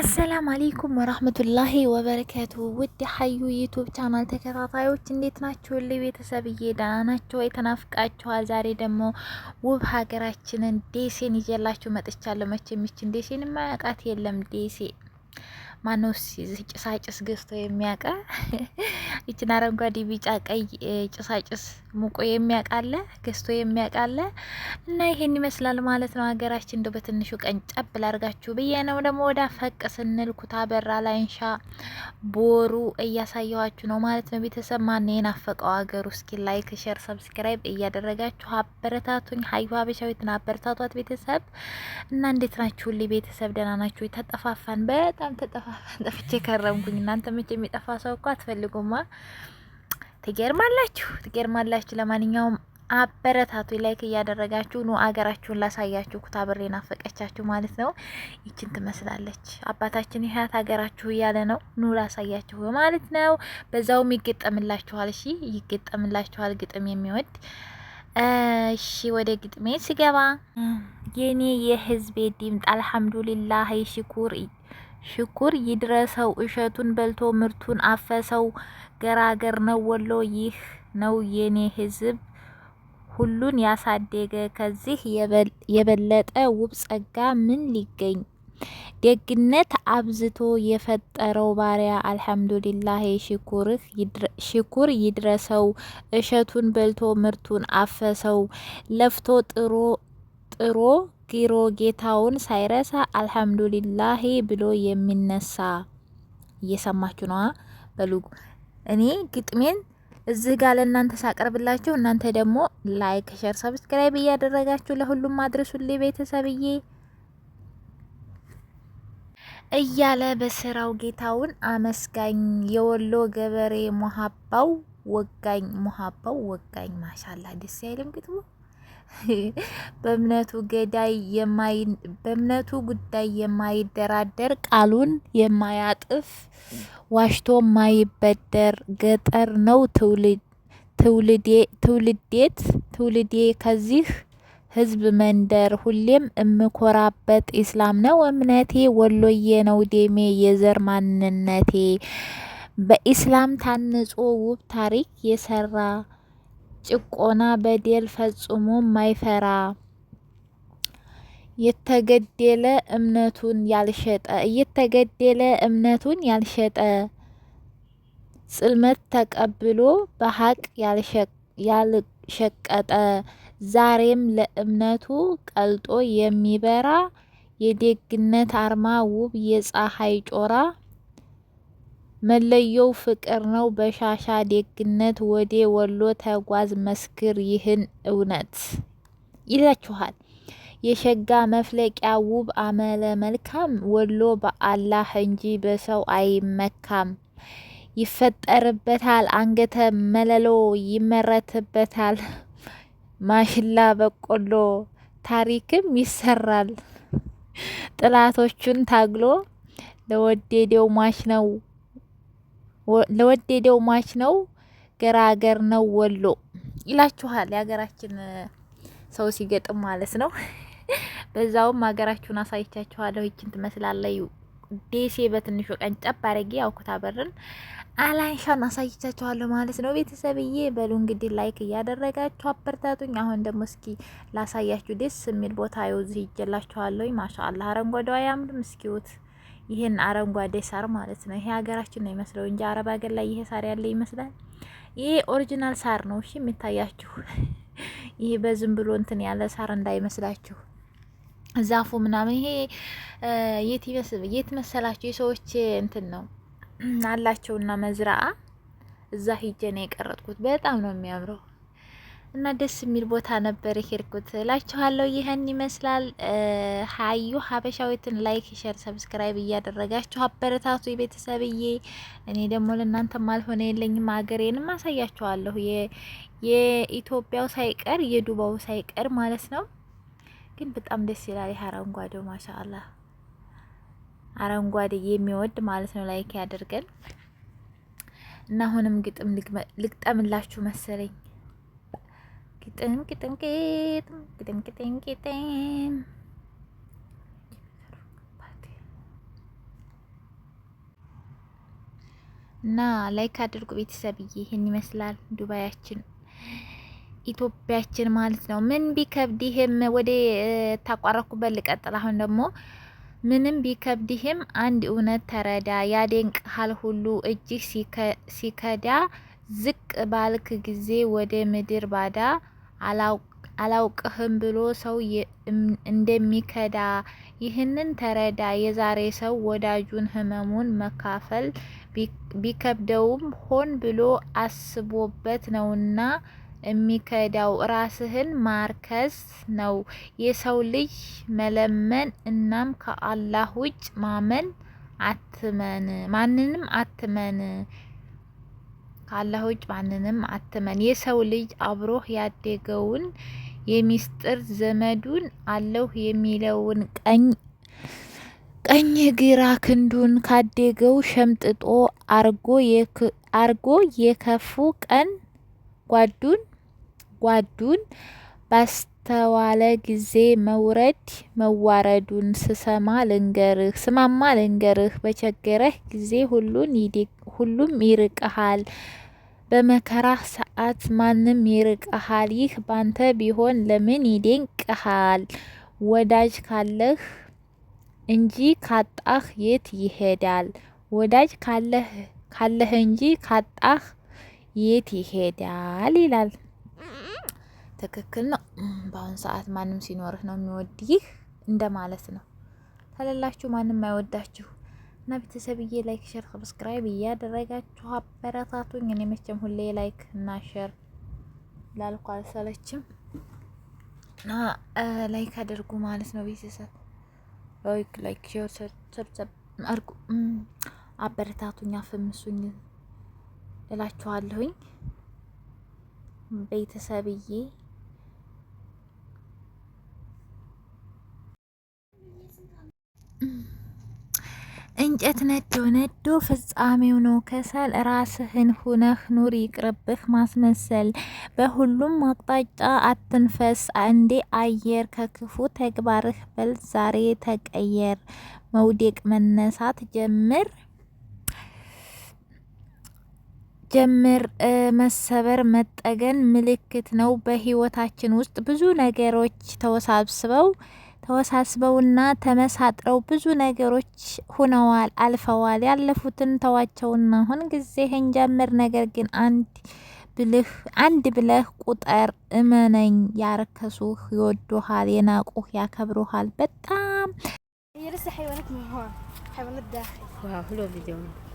አሰላም አሌይኩም ወራህመቱላሂ ወበረከቱ። ውድ ሀዩ ዩቱብ ቻናል ተከታታዮች እንዴት ናችሁ? ል ቤተሰብዬ ደህና ናችሁ ወይ? ተናፍቃችኋል። ዛሬ ደግሞ ውብ ሀገራችንን ደሴን ይዤላችሁ መጥቻለሁ። መቼ የሚችን ደሴን ማያውቃት የለም። ደሴ ማነው ጭሳጭስ ገዝቶ የሚያውቀ ይችን አረንጓዴ፣ ቢጫ፣ ቀይ ጭሳጭስ ሙቆ የሚያውቃለ ገዝቶ የሚያውቃለ። እና ይሄን ይመስላል ማለት ነው ሀገራችን። እንደው በትንሹ ቀን ጨብ ላርጋችሁ ብዬ ነው። ደግሞ ወደ ፈቅ ስንል ኩታ በራ ላይንሻ፣ ቦሩ እያሳየኋችሁ ነው ማለት ነው። ቤተሰብ ማን የናፈቀው ሀገር ውስጥ ላይክ፣ ሸር፣ ሰብስክራይብ እያደረጋችሁ አበረታቱኝ። ሀዩ ሀበሻዊትን አበረታቷት ቤተሰብ እና እንዴት ናችሁ ሁሌ ቤተሰብ? ደህና ናችሁ? ተጠፋፋን፣ በጣም ተጠፋ ጠፍቼ ከረምኩኝ። እናንተ መቼ የሚጠፋ ሰው እኮ አትፈልጉማ። ትገርማላችሁ፣ ትገርማላችሁ። ለማንኛውም አበረታቱ ላይክ እያደረጋችሁ ኑ አገራችሁን ላሳያችሁ። ኩታብሬ ናፈቀቻችሁ ማለት ነው። ይችን ትመስላለች። አባታችን ይህት ሀገራችሁ እያለ ነው። ኑ ላሳያችሁ ማለት ነው። በዛውም ይገጠምላችኋል። እሺ ይገጠምላችኋል። ግጥም የሚወድ እሺ። ወደ ግጥሜ ስገባ የኔ የህዝቤ ዲምጥ አልሐምዱሊላህ ሽኩር ሽኩር ይድረሰው እሸቱን በልቶ ምርቱን አፈሰው። ገራገር ነው ወሎ ይህ ነው የኔ ህዝብ ሁሉን ያሳደገ። ከዚህ የበለጠ ውብ ጸጋ ምን ሊገኝ? ደግነት አብዝቶ የፈጠረው ባሪያ አልሐምዱሊላህ ሽኩርህ ሽኩር ይድረሰው እሸቱን በልቶ ምርቱን አፈሰው። ለፍቶ ጥሮ ጥሮ አመስግሮ ጌታውን ሳይረሳ አልሐምዱሊላሂ ብሎ የሚነሳ እየሰማችሁ ነዋ። በሉ እኔ ግጥሜን እዚህ ጋር ለእናንተ ሳቀርብላችሁ እናንተ ደግሞ ላይክ፣ ሸር፣ ሰብስክራይብ እያደረጋችሁ ለሁሉም አድርሱልኝ ቤተሰብዬ እያለ በስራው ጌታውን አመስጋኝ የወሎ ገበሬ ሙሀባው ወጋኝ ሙሀባው ወጋኝ ማሻላ ደስ አይልም ግጥሙ። በእምነቱ ገዳይ በእምነቱ ጉዳይ የማይደራደር ቃሉን የማያጥፍ ዋሽቶ የማይበደር ገጠር ነው ትውልዴት ትውልዴ ከዚህ ህዝብ መንደር ሁሌም እምኮራበት ኢስላም ነው እምነቴ፣ ወሎዬ ነው ዴሜ የዘር ማንነቴ በኢስላም ታንጾ ውብ ታሪክ የሰራ ጭቆና፣ በደል ፈጽሞ ማይፈራ የተገደለ እምነቱን ያልሸጠ እየተገደለ እምነቱን ያልሸጠ ጽልመት ተቀብሎ በሀቅ ያልሸቀጠ ዛሬም ለእምነቱ ቀልጦ የሚበራ የደግነት አርማ ውብ የፀሐይ ጮራ መለየው ፍቅር ነው። በሻሻ ደግነት ወዴ ወሎ ተጓዝ መስክር ይህን እውነት ይላችኋል። የሸጋ መፍለቂያ ውብ አመለ መልካም ወሎ በአላህ እንጂ በሰው አይመካም። ይፈጠርበታል አንገተ መለሎ ይመረትበታል ማሽላ በቆሎ ታሪክም ይሰራል። ጥላቶቹን ታግሎ ለወደደው ማሽ ነው። ለወደደው ማች ነው ገራገር ነው ወሎ ይላችኋል። የሀገራችን ሰው ሲገጥም ማለት ነው። በዛውም ሀገራችሁን አሳይቻችኋለሁ። ይችን ትመስላለዩ ደሴ በትንሹ ቀን ጨብ አድርጌ አውኩታ በርን አላንሻን አሳይቻችኋለሁ ማለት ነው ቤተሰብዬ። በሉ እንግዲህ ላይክ እያደረጋችሁ አበርታቱኝ። አሁን ደግሞ እስኪ ላሳያችሁ ደስ የሚል ቦታ ይውዝ ይጀላችኋለሁ። ማሻአላ አረንጓዴዋ ያምድም ምስኪውት ይሄን አረንጓዴ ሳር ማለት ነው። ይሄ ሀገራችን ነው ይመስለው እንጂ አረብ ሀገር ላይ ይሄ ሳር ያለ ይመስላል። ይሄ ኦሪጂናል ሳር ነው። እሺ የሚታያችሁ ይሄ በዝም ብሎ እንትን ያለ ሳር እንዳይመስላችሁ ዛፉ ምናምን ይሄ የት መሰላችሁ የሰዎች እንትን ነው አላቸውና መዝራአ እዛ ሂጄ ነው የቀረጥኩት። በጣም ነው የሚያምረው። እና ደስ የሚል ቦታ ነበር ሄድኩት እላችኋለሁ። ይህን ይመስላል ሀዩ ሀበሻዊትን ላይክ፣ ሸር፣ ሰብስክራይብ እያደረጋችሁ አበረታቱ ቤተሰብዬ። እኔ ደግሞ ለእናንተ ማልሆነ የለኝም ሀገሬንም አሳያችኋለሁ። የኢትዮጵያው ሳይቀር የዱባው ሳይቀር ማለት ነው። ግን በጣም ደስ ይላል ይህ አረንጓዴው ማሻአላ። አረንጓዴ የሚወድ ማለት ነው። ላይክ ያደርገን እና አሁንም ግጥም ልግጠምላችሁ መሰለኝ Kitim kitim kitim kitim kitim kitim. እና ላይክ አድርጉ ቤተሰብዬ። ይህን ይመስላል ዱባያችን ኢትዮጵያችን ማለት ነው። ምን ቢከብድህም ወደ ታቋረኩበት ልቀጥል። አሁን ደግሞ ምንም ቢከብድህም አንድ እውነት ተረዳ፣ ያደንቅሃል ሁሉ እጅህ ሲከዳ ዝቅ ባልክ ጊዜ ወደ ምድር ባዳ አላውቅህም ብሎ ሰው እንደሚከዳ ይህንን ተረዳ። የዛሬ ሰው ወዳጁን ህመሙን መካፈል ቢከብደውም ሆን ብሎ አስቦበት ነውና የሚከዳው ራስህን ማርከስ ነው። የሰው ልጅ መለመን እናም ከአላህ ውጭ ማመን አትመን፣ ማንንም አትመን። ከአላህ ውጭ ማንንም አትመን። የሰው ልጅ አብሮህ ያደገውን የሚስጥር ዘመዱን አለሁ የሚለውን ቀኝ ቀኝ ግራ ክንዱን ካደገው ሸምጥጦ አርጎ የከፉ ቀን ጓዱን ጓዱን ባስተዋለ ጊዜ መውረድ መዋረዱን ስሰማ ልንገርህ ስማማ ልንገርህ በቸገረህ ጊዜ ሁሉን ይደግ ሁሉም ይርቅሃል። በመከራህ ሰዓት ማንም ይርቅሃል። ይህ ባንተ ቢሆን ለምን ይደንቅሃል? ወዳጅ ካለህ እንጂ ካጣህ የት ይሄዳል? ወዳጅ ካለህ እንጂ ካጣህ የት ይሄዳል ይላል። ትክክል ነው። በአሁኑ ሰዓት ማንም ሲኖርህ ነው እንደ እንደማለት ነው። ከሌላችሁ ማንም አይወዳችሁ። እና ቤተሰብዬ ላይክ፣ ሸር፣ ሰብስክራይብ እያደረጋችሁ አበረታቱኝ። እኔ መቼም ሁሌ ላይክ እና ሸር ላልኩ አልሰለችም እና ላይክ አድርጉ ማለት ነው ቤተሰብ ላይክ ላይክ ሸር ሰብሰብ አድርጉ፣ አበረታቱኝ፣ አፈምሱኝ እላችኋለሁኝ ቤተሰብዬ እንጨት ነዶ ነዶ ፍጻሜው ነው ከሰል። ራስህን ሁነህ ኑር፣ ይቅርብህ ማስመሰል። በሁሉም አቅጣጫ አትንፈስ እንዴ አየር። ከክፉ ተግባርህ በል ዛሬ ተቀየር፣ መውደቅ መነሳት ጀምር ጀምር መሰበር መጠገን ምልክት ነው። በህይወታችን ውስጥ ብዙ ነገሮች ተወሳብስበው ተወሳስበውና ተመሳጥረው ብዙ ነገሮች ሁነዋል፣ አልፈዋል። ያለፉትን ተዋቸውና አሁን ጊዜ እንጀምር። ነገር ግን አንድ ብልህ አንድ ብለህ ቁጠር፣ እመነኝ። ያረከሱህ ይወዱሃል፣ የናቁህ ያከብሩሃል። በጣም